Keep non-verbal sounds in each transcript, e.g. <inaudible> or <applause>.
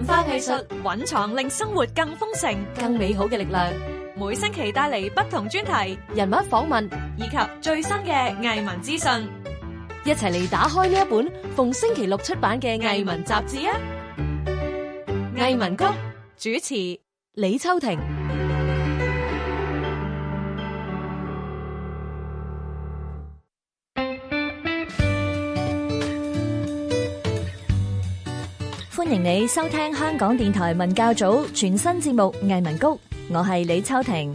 文化藝術蘊藏令生活更豐盛、更美好嘅力量。每星期帶嚟不同專題、人物訪問以及最新嘅藝文資訊，一齊嚟打開呢一本逢星期六出版嘅藝文雜誌啊！藝文谷主持李秋婷。歡迎你收聽香港電台文教組全新節目《藝文谷》，我係李秋婷。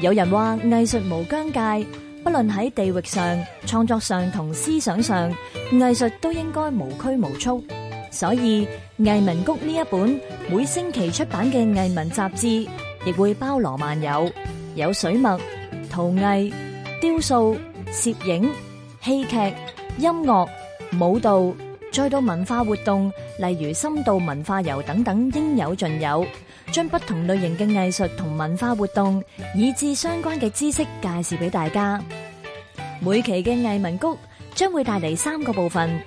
有人話藝術無疆界，不論喺地域上、創作上同思想上，藝術都應該無拘無束。所以《藝文谷》呢一本每星期出版嘅藝文雜誌，亦會包羅萬有，有水墨、陶藝、雕塑、攝影、戲劇、音樂、舞蹈。再到文化活動，例如深度文化遊等等，應有盡有。將不同類型嘅藝術同文化活動，以至相關嘅知識介紹俾大家。每期嘅藝文谷將會帶嚟三個部分：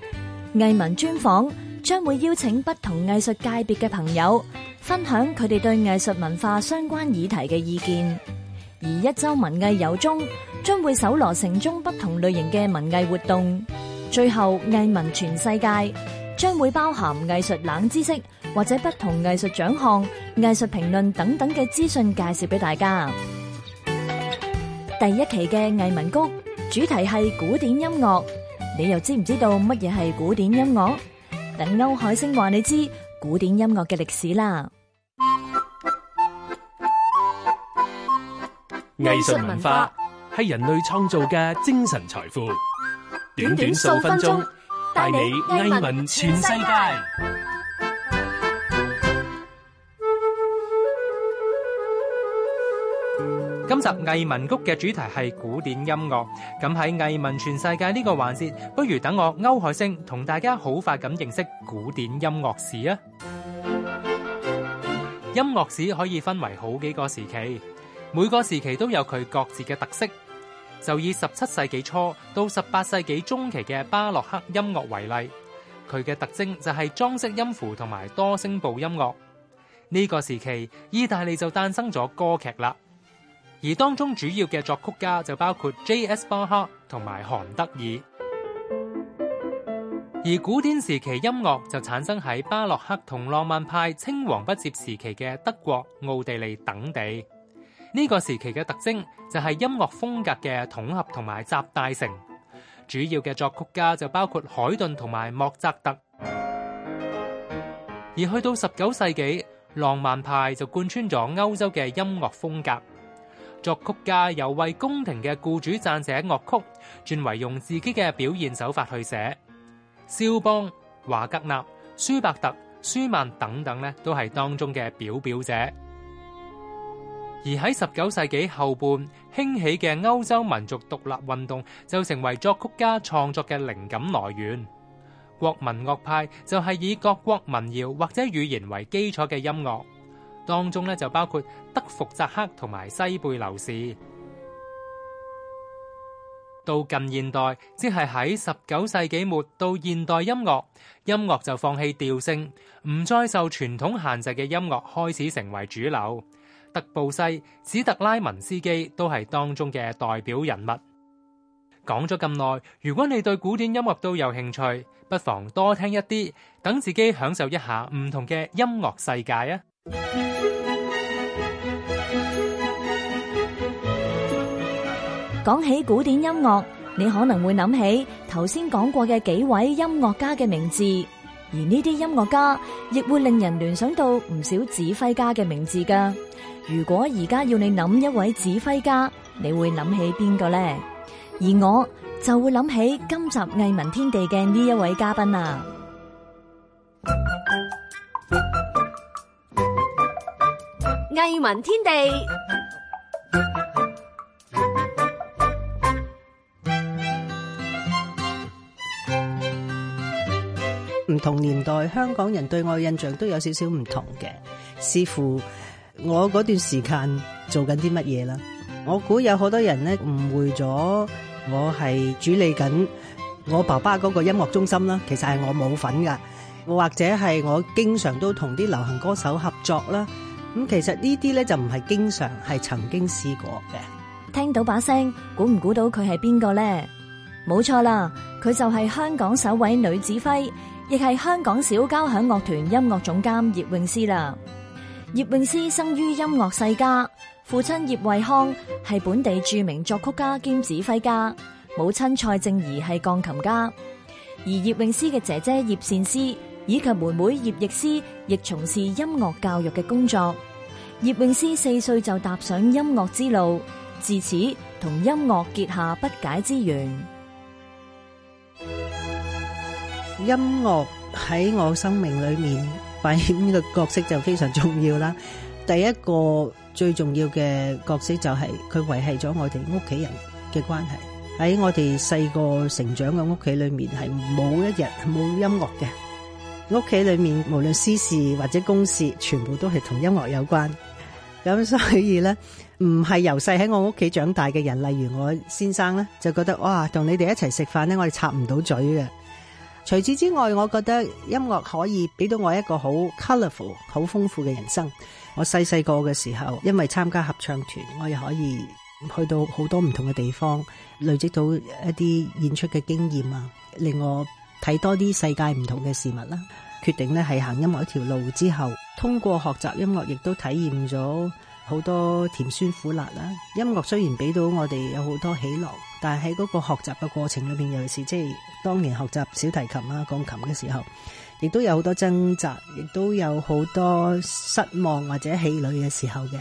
藝文專訪將會邀請不同藝術界別嘅朋友，分享佢哋對藝術文化相關議題嘅意見；而一周文藝遊中將會搜羅城中不同類型嘅文藝活動。最後，藝文全世界將會包含藝術冷知識或者不同藝術獎項、藝術評論等等嘅資訊介紹俾大家。第一期嘅藝文谷主題係古典音樂，你又知唔知道乜嘢係古典音樂？等歐海星話你知古典音樂嘅歷史啦。藝術文化係人類創造嘅精神財富。短短數分鐘，帶你藝文全世界。今集藝文谷嘅主題係古典音樂，咁喺藝文全世界呢個環節，不如等我歐海星同大家好快咁認識古典音樂史啊！音樂史可以分為好幾個時期，每個時期都有佢各自嘅特色。就以十七世紀初到十八世紀中期嘅巴洛克音樂為例，佢嘅特徵就係裝飾音符同埋多聲部音樂。呢個時期，意大利就誕生咗歌劇啦，而當中主要嘅作曲家就包括 J.S. 巴赫同埋韓德爾。而古典時期音樂就產生喺巴洛克同浪漫派青黃不接時期嘅德國、奧地利等地。呢個時期嘅特徵就係音樂風格嘅統合同埋集大成，主要嘅作曲家就包括海頓同埋莫扎特。而去到十九世紀，浪漫派就貫穿咗歐洲嘅音樂風格，作曲家由為宮廷嘅僱主撰寫樂曲，轉為用自己嘅表現手法去寫。肖邦、華格納、舒伯特、舒曼等等咧，都係當中嘅表表者。而喺十九世紀後半興起嘅歐洲民族獨立運動，就成為作曲家創作嘅靈感來源。國民樂派就係以各國民謠或者語言為基礎嘅音樂，當中咧就包括德福扎克同埋西貝流士。到近現代，即係喺十九世紀末到現代音樂，音樂就放棄調性，唔再受傳統限制嘅音樂開始成為主流。德布西、史特拉文斯基都係當中嘅代表人物。講咗咁耐，如果你對古典音樂都有興趣，不妨多聽一啲，等自己享受一下唔同嘅音樂世界啊。講起古典音樂，你可能會諗起頭先講過嘅幾位音樂家嘅名字，而呢啲音樂家亦會令人聯想到唔少指揮家嘅名字㗎。如果而家要你諗一位指揮家，你會諗起邊個呢？而我就會諗起今集藝文天地嘅呢一位嘉賓啊！藝文天地，唔同年代香港人對我嘅印象都有少少唔同嘅，似乎。我嗰段時間做緊啲乜嘢啦？我估有好多人咧，誤會咗我係主理緊我爸爸嗰個音樂中心啦。其實係我冇份噶，或者係我經常都同啲流行歌手合作啦。咁其實呢啲咧，就唔係經常，係曾經試過嘅。聽到把聲，估唔估到佢係邊個呢？冇錯啦，佢就係香港首位女指揮，亦係香港小交響樂團音樂總監葉詠詩啦。葉詠詩生於音樂世家，父親葉惠康係本地著名作曲家兼指揮家，母親蔡靜儀係鋼琴家。而葉詠詩嘅姐姐葉善詩以及妹妹葉奕詩，亦從事音樂教育嘅工作。葉詠詩四歲就踏上音樂之路，自此同音樂結下不解之緣。音樂喺我生命裏面。扮演呢個角色就非常重要啦。第一個最重要嘅角色就係佢維繫咗我哋屋企人嘅關係。喺我哋細個成長嘅屋企裏面，係冇一日冇音樂嘅。屋企裏面，無論私事或者公事，全部都係同音樂有關。咁所以咧，唔係由細喺我屋企長大嘅人，例如我先生咧，就覺得，哇，同你哋一齊食飯咧，我哋插唔到嘴嘅。除此之外，我覺得音樂可以俾到我一個好 colourful、好豐富嘅人生。我細細個嘅時候，因為參加合唱團，我又可以去到好多唔同嘅地方，累積到一啲演出嘅經驗啊，令我睇多啲世界唔同嘅事物啦。決定咧係行音樂一條路之後，通過學習音樂，亦都體驗咗好多甜酸苦辣啦。音樂雖然俾到我哋有好多喜樂。但喺嗰個學習嘅過程裏邊，尤其是即係當年學習小提琴啊鋼琴嘅時候，亦都有好多掙扎，亦都有好多失望或者氣餒嘅時候嘅。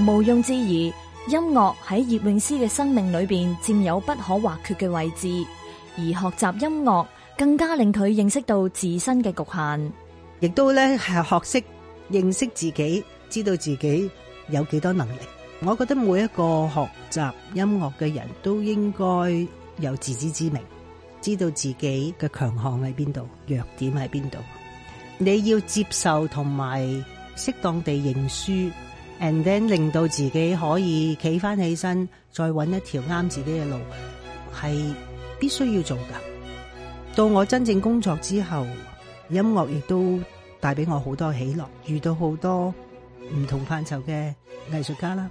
毋庸置疑，音樂喺葉詠詩嘅生命裏邊佔有不可或缺嘅位置，而學習音樂更加令佢認識到自身嘅局限，亦都咧係學識認識自己，知道自己有幾多能力。我覺得每一個學習音樂嘅人都應該有自知之明，知道自己嘅強項喺邊度，弱點喺邊度。你要接受同埋適當地認輸，and then 令到自己可以企返起身，再揾一條啱自己嘅路，係必須要做㗎。到我真正工作之後，音樂亦都帶俾我好多喜樂，遇到好多唔同範疇嘅藝術家啦。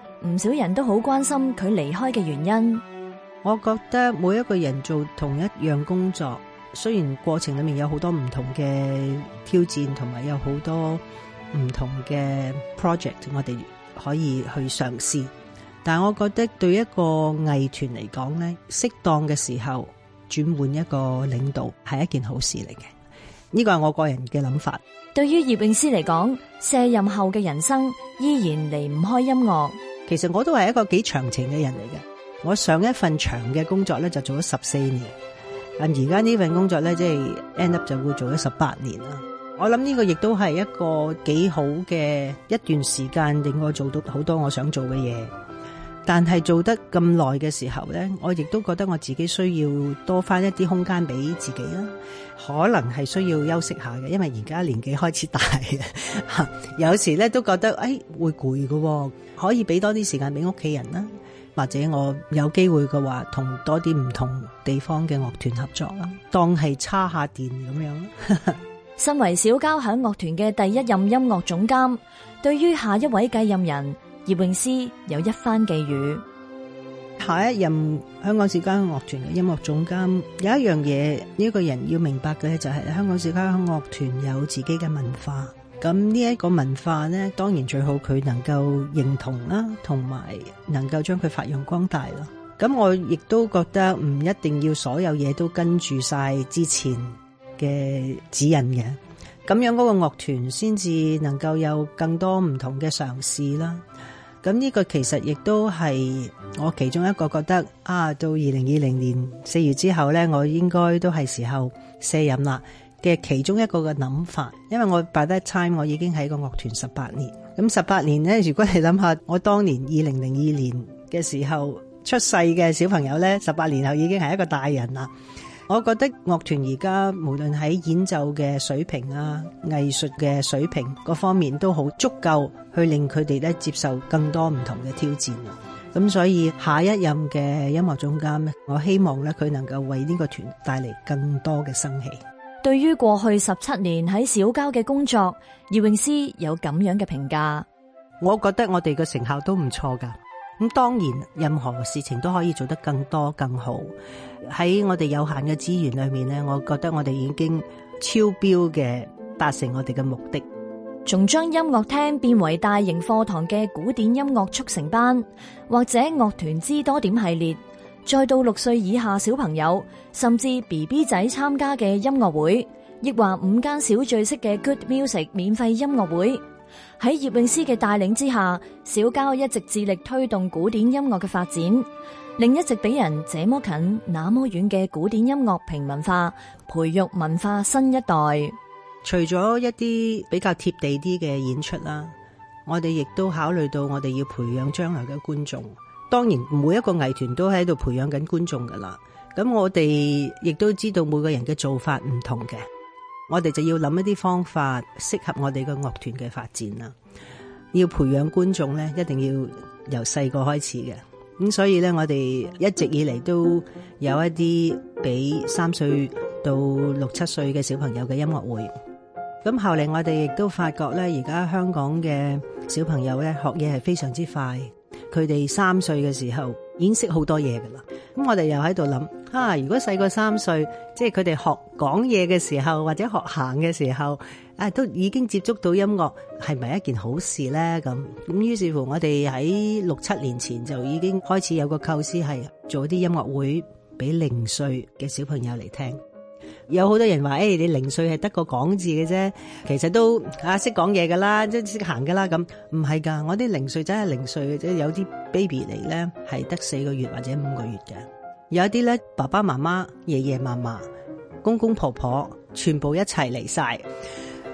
唔少人都好關心佢離開嘅原因。我覺得每一個人做同一樣工作，雖然過程裏面有好多唔同嘅挑戰，同埋有好多唔同嘅 project，我哋可以去嘗試。但係我覺得對一個藝團嚟講咧，適當嘅時候轉換一個領導係一件好事嚟嘅。呢個係我個人嘅諗法。對於葉詠詩嚟講，卸任後嘅人生依然離唔開音樂。其實我都係一個幾長情嘅人嚟嘅。我上一份長嘅工作咧就做咗十四年，但而家呢份工作咧即係 end up 就會做咗十八年啦。我諗呢個亦都係一個幾好嘅一段時間，令我做到好多我想做嘅嘢。但係做得咁耐嘅時候呢，我亦都覺得我自己需要多返一啲空間俾自己啦。可能係需要休息下嘅，因為而家年紀開始大 <laughs> 有時咧都覺得誒、哎、會攰嘅，可以俾多啲時間俾屋企人啦，或者我有機會嘅話，同多啲唔同地方嘅樂團合作啦，當係叉下電咁樣。 <laughs> 身為小交響樂團嘅第一任音樂總監，對於下一位繼任人。葉詠詩有一番寄語：下一任香港小交響樂團嘅音樂總監，有一樣嘢呢個人要明白嘅就係香港小交響樂團有自己嘅文化。咁呢一個文化呢，當然最好佢能夠認同啦，同埋能夠將佢發揚光大啦。咁我亦都覺得唔一定要所有嘢都跟住晒之前嘅指引嘅。咁樣嗰個樂團先至能夠有更多唔同嘅嘗試啦。咁、這、呢個其實亦都係我其中一個覺得啊，到二零二零年四月之後呢，我應該都係時候卸任啦嘅其中一個嘅諗法。因為我 by that time，我已經喺個樂團十八年。咁十八年呢，如果你諗下，我當年二零零二年嘅時候出世嘅小朋友呢，十八年後已經係一個大人啦。我覺得樂團而家無論喺演奏嘅水平啊、藝術嘅水平各方面都好足夠，去令佢哋咧接受更多唔同嘅挑戰。咁所以下一任嘅音樂總監咧，我希望咧佢能夠為呢個團帶嚟更多嘅生氣。對於過去十七年喺小交嘅工作，葉詠詩有咁樣嘅評價。我覺得我哋嘅成效都唔錯噶。咁當然，任何事情都可以做得更多更好。喺我哋有限嘅資源裏面，我覺得我哋已經超標嘅達成我哋嘅目的。仲將音樂廳變為大型課堂嘅古典音樂速成班，或者樂團知多點系列，再到六歲以下小朋友甚至 BB 仔參加嘅音樂會，亦或五間小聚式嘅 Good Music 免費音樂會。喺葉詠詩嘅帶領之下，小交一直致力推動古典音樂嘅發展，令一直俾人這麼近那麼遠嘅古典音樂平民化，培育文化新一代。除咗一啲比較貼地啲嘅演出啦，我哋亦都考慮到我哋要培養將來嘅觀眾。當然，每一個藝團都喺度培養緊觀眾㗎喇。咁我哋亦都知道每個人嘅做法唔同嘅。我哋就要諗一啲方法，適合我哋嘅樂團嘅發展啦。要培養觀眾咧，一定要由細個開始嘅。咁所以咧，我哋一直以嚟都有一啲俾三歲到六七歲嘅小朋友嘅音樂會。咁後嚟我哋亦都發覺咧，而家香港嘅小朋友咧學嘢係非常之快。佢哋三歲嘅時候已經認識好多嘢噶啦。咁我哋又喺度諗。啊！如果細個三歲，即係佢哋學講嘢嘅時候，或者學行嘅時候，啊，都已經接觸到音樂，係咪一件好事咧？咁咁，於是乎我哋喺六七年前就已經開始有個構思，係做啲音樂會俾零歲嘅小朋友嚟聽。有好多人話，誒、哎，你零歲係得個講字嘅啫，其實都啊識講嘢㗎啦，即識行㗎啦。咁唔係噶，我啲零歲真係零歲嘅啫，有啲 baby 嚟咧係得四個月或者五個月嘅。有一啲咧，爸爸媽媽、爺爺嫲嫲、公公婆婆，全部一齊嚟晒。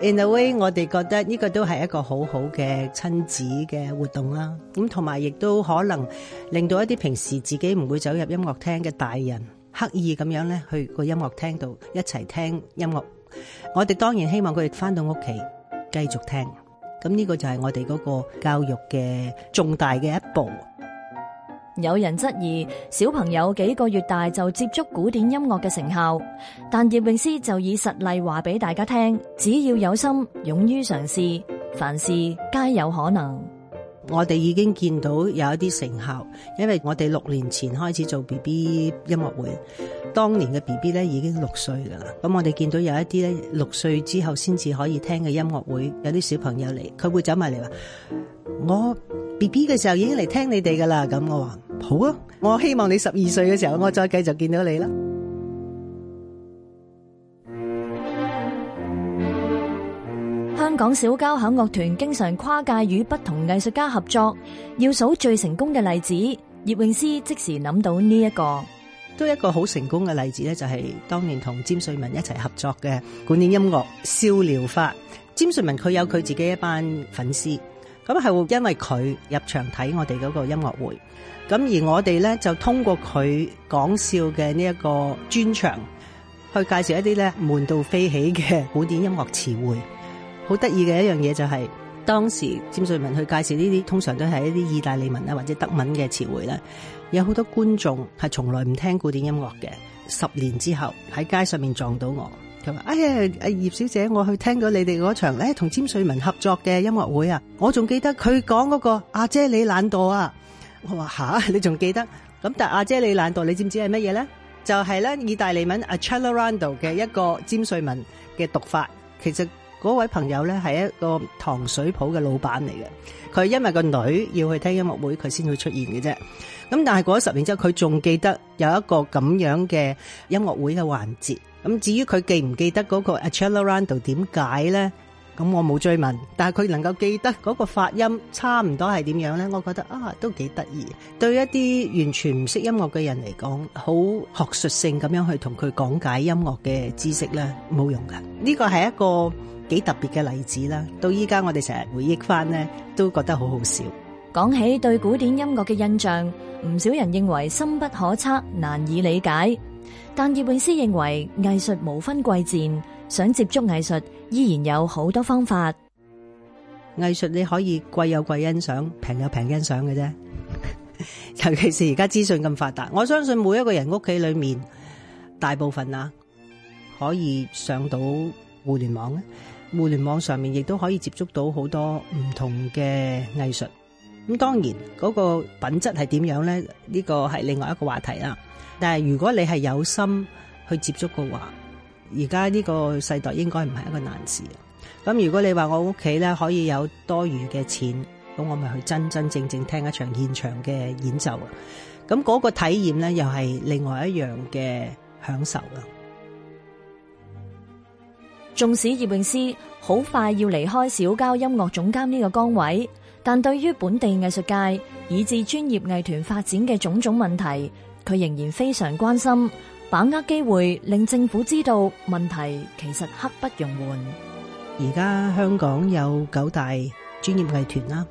In a way，我哋覺得呢個都係一個好好嘅親子嘅活動啦。咁同埋亦都可能令到一啲平時自己唔會走入音樂廳嘅大人，刻意咁樣咧去個音樂廳度一齊聽音樂。我哋當然希望佢哋返到屋企繼續聽。咁呢個就係我哋嗰個教育嘅重大嘅一步。有人質疑小朋友幾個月大就接觸古典音樂嘅成效，但葉詠詩就以實例話俾大家聽：只要有心，勇於嘗試，凡事皆有可能。我哋已經見到有一啲成效，因為我哋六年前開始做 BB 音樂會，當年嘅 BB 咧已經六歲噶啦，咁我哋見到有一啲咧六歲之後先至可以聽嘅音樂會，有啲小朋友嚟，佢會走埋嚟話，我 BB 嘅時候已經嚟聽你哋噶啦，咁我話好啊，我希望你十二歲嘅時候，我再繼續見到你啦。香港小交響樂團經常跨界與不同藝術家合作，要數最成功嘅例子，葉詠詩即時諗到呢一個，都一個好成功嘅例子咧，就係當年同詹瑞文一齊合作嘅古典音樂笑療法。詹瑞文佢有佢自己一班粉絲，咁係因為佢入場睇我哋嗰個音樂會，咁而我哋咧就通過佢講笑嘅呢一個專場，去介紹一啲咧悶到飛起嘅古典音樂詞彙。好得意嘅一樣嘢就係、是、當時詹瑞文去介紹呢啲，通常都係一啲意大利文啊或者德文嘅詞彙呢，有好多觀眾係從來唔聽古典音樂嘅。十年之後喺街上面撞到我，佢話：哎呀，阿、哎、葉小姐，我去聽咗你哋嗰場咧，同詹瑞文合作嘅音樂會啊！我仲記得佢講嗰個阿姐你懶惰啊！我話吓，你仲記得？咁但阿姐你懶惰，你知唔知係乜嘢咧？就係、是、咧意大利文 accelerando 嘅一個詹瑞文嘅讀法，其實。嗰位朋友咧，係一個糖水鋪嘅老闆嚟嘅，佢係因為個女要去聽音樂會，佢先會出現嘅啫。咁但係過咗十年之後，佢仲記得有一個咁樣嘅音樂會嘅環節。咁至於佢記唔記得嗰個 Accelerando 點解咧？咁我冇追問，但係佢能夠記得嗰個發音差唔多係點樣咧？我覺得啊，都幾得意。對一啲完全唔識音樂嘅人嚟講，好學術性咁樣去同佢講解音樂嘅知識咧，冇用㗎。呢個係一個幾特別嘅例子啦，到依家我哋成日回憶翻呢，都覺得好好笑。講起對古典音樂嘅印象，唔少人認為深不可測、難以理解，但葉詠詩認為藝術無分貴賤，想接觸藝術依然有好多方法。藝術你可以貴有貴欣賞，平有平欣賞嘅啫。 <laughs> 尤其是而家資訊咁發達，我相信每一個人屋企裏面大部分啊可以上到互聯網。互聯網上面亦都可以接觸到好多唔同嘅藝術，咁當然嗰個品質係點樣呢？呢個係另外一個話題啦。但係如果你係有心去接觸嘅話，而家呢個世代應該唔係一個難事。咁如果你話我屋企呢，可以有多餘嘅錢，咁我咪去真真正正聽一場現場嘅演奏啦。咁嗰個體驗呢，又係另外一樣嘅享受啦。縱使葉詠詩好快要離開小交音樂總監呢個崗位，但對於本地藝術界以至專業藝團發展嘅種種問題，佢仍然非常關心，把握機會令政府知道問題其實刻不容緩。而家香港有九大專業藝團啦，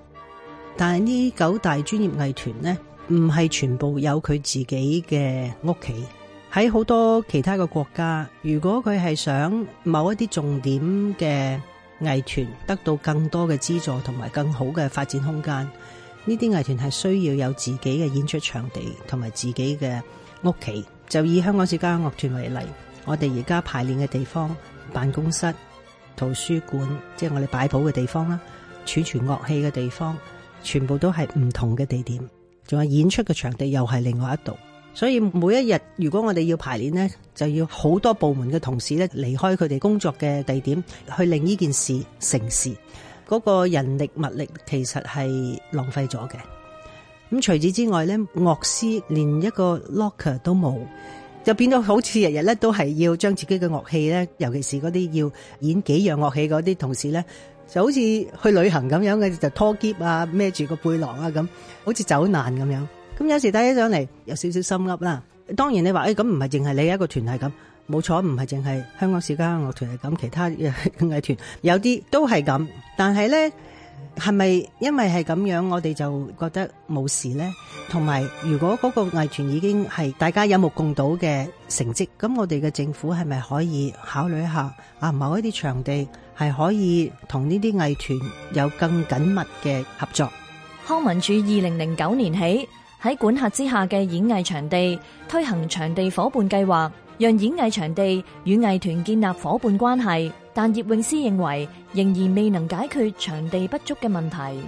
但係呢九大專業藝團呢，唔係全部有佢自己嘅屋企。喺好多其他嘅國家，如果佢係想某一啲重點嘅藝團得到更多嘅資助同埋更好嘅發展空間，呢啲藝團係需要有自己嘅演出場地同埋自己嘅屋企。就以香港小交響樂團為例，我哋而家排練嘅地方、辦公室、圖書館，即係我哋擺譜嘅地方啦，儲存樂器嘅地方，全部都係唔同嘅地點，仲有演出嘅場地又係另外一度。所以每一日，如果我哋要排練咧，就要好多部門嘅同事咧離開佢哋工作嘅地點，去令呢件事成事。嗰個人力物力其實係浪費咗嘅。咁除此之外咧，樂師連一個 locker 都冇，就變咗好似日日咧都係要將自己嘅樂器咧，尤其是嗰啲要演幾樣樂器嗰啲同事咧，就好似去旅行咁樣嘅，就拖喼啊，孭住個背囊啊，咁好似走難咁樣。咁有時帶起上嚟有少少心噏啦。當然你話誒咁唔係淨係你一個團係咁，冇錯，唔係淨係香港小交響樂團係咁，其他藝團有啲都係咁。但係呢，係咪因為係咁樣，我哋就覺得冇事呢？同埋，如果嗰個藝團已經係大家有目共睹嘅成績，咁我哋嘅政府係咪可以考慮一下啊？某一啲場地係可以同呢啲藝團有更緊密嘅合作？康文署二零零九年起。喺管轄之下嘅演藝場地推行場地伙伴計劃，讓演藝場地與藝團建立伙伴關係。但葉詠詩認為，仍然未能解決場地不足嘅問題。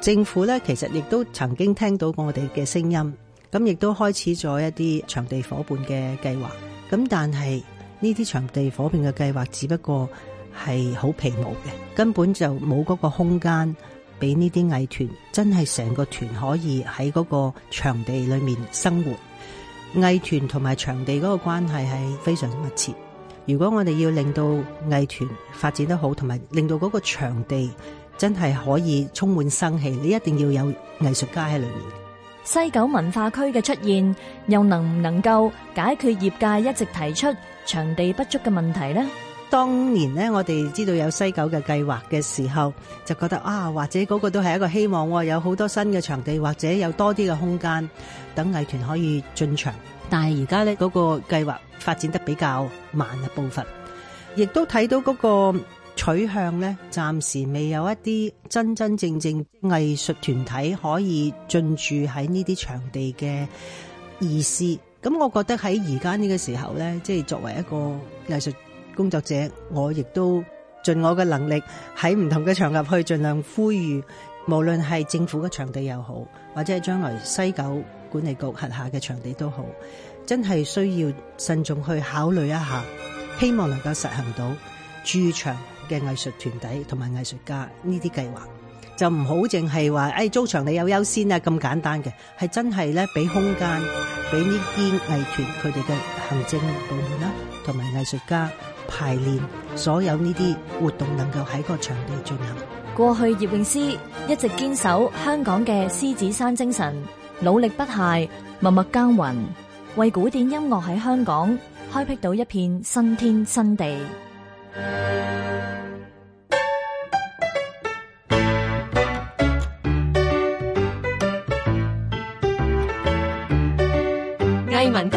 政府咧，其實亦都曾經聽到過我哋嘅聲音，咁亦都開始咗一啲場地伙伴嘅計劃。咁但係呢啲場地伙伴嘅計劃只不過係好皮毛嘅，根本就冇嗰個空間。俾呢啲藝團真係成個團可以喺嗰個場地裏面生活，藝團同埋場地嗰個關係係非常密切。如果我哋要令到藝團發展得好，同埋令到嗰個場地真係可以充滿生氣，你一定要有藝術家喺裏面。西九文化區嘅出現，又能唔能夠解決業界一直提出場地不足嘅問題呢？當年呢，我哋知道有西九嘅計劃嘅時候，就覺得啊，或者嗰個都係一個希望，有好多新嘅場地或者有多啲嘅空間，等藝團可以進場。但係而家呢，嗰個計劃發展得比較慢嘅步伐，亦都睇到嗰個取向呢，暫時未有一啲真真正正藝術團體可以進駐喺呢啲場地嘅意思。咁我覺得喺而家呢個時候呢，即係作為一個藝術工作者，我亦都盡我嘅能力喺唔同嘅場合去盡量呼籲，無論係政府嘅場地又好，或者係將來西九管理局轄下嘅場地都好，真係需要慎重去考慮一下，希望能夠實行到駐場嘅藝術團體同埋藝術家呢啲計劃，就唔好淨係話，誒、哎、租場你有優先啊咁簡單嘅，係真係咧俾空間，俾呢啲藝團佢哋嘅。行政部門啦，同埋藝術家排練，所有呢啲活動能夠喺個場地進行。過去葉詠詩一直堅守香港嘅獅子山精神，努力不懈，默默耕耘，為古典音樂喺香港開闢到一片新天新地。藝文谷。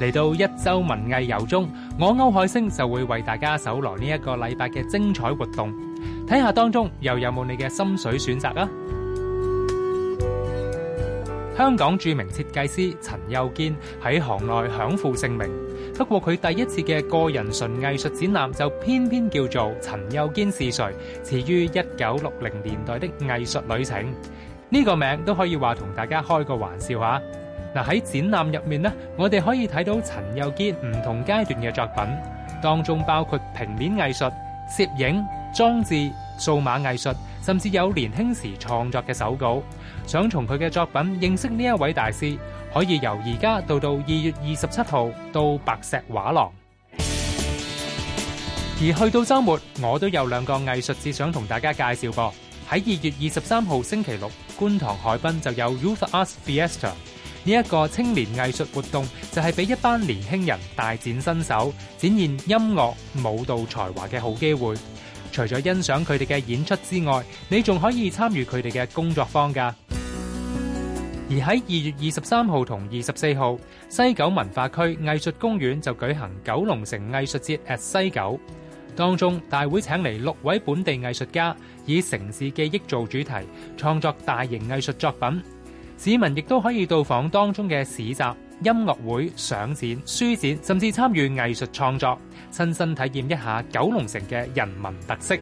嚟到一周文藝遊中，我歐海星就會為大家搜羅呢一個禮拜嘅精彩活動，睇下當中又有冇你嘅心水選擇啊！香港著名設計師陳幼堅喺行內享負盛名，不過佢第一次嘅個人純藝術展覽就偏偏叫做《陳幼堅是誰》，始於一九六零年代的藝術旅程，呢個名都可以話同大家開個玩笑吓。嗱，喺展覽入面呢，我哋可以睇到陳幼堅唔同階段嘅作品，當中包括平面藝術、攝影、裝置、數碼藝術，甚至有年輕時創作嘅手稿。想從佢嘅作品認識呢一位大師，可以由而家到到二月二十七號到白石畫廊。而去到周末，我都有兩個藝術節想同大家介紹噃。喺二月二十三號星期六，觀塘海濱就有 Youth Arts Fiesta。呢一個青年藝術活動就係俾一班年輕人大展身手、展現音樂舞蹈才華嘅好機會。除咗欣賞佢哋嘅演出之外，你仲可以參與佢哋嘅工作坊㗎。而喺二月二十三號同二十四號，西九文化區藝術公園就舉行九龍城藝術節 at 西九。當中大會請嚟六位本地藝術家，以城市記憶做主題，創作大型藝術作品。市民亦都可以到訪當中嘅市集、音樂會、相展、書展，甚至參與藝術創作，親身體驗一下九龍城嘅人文特色。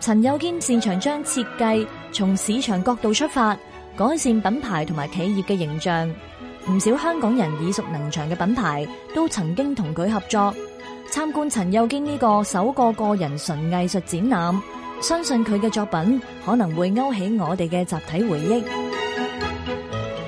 陳幼堅擅長將設計從市場角度出發，改善品牌同埋企業嘅形象。唔少香港人耳熟能詳嘅品牌都曾經同佢合作。參觀陳幼堅呢個首個個人純藝術展覽，相信佢嘅作品可能會勾起我哋嘅集體回憶。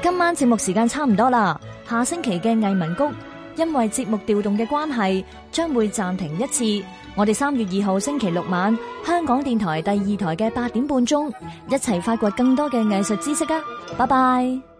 今晚節目時間差唔多啦，下星期嘅藝文谷，因為節目調動嘅關係，將會暫停一次。我哋三月二號星期六晚，香港電台第二台嘅八點半鐘，一齊發掘更多嘅藝術知識啊！拜拜。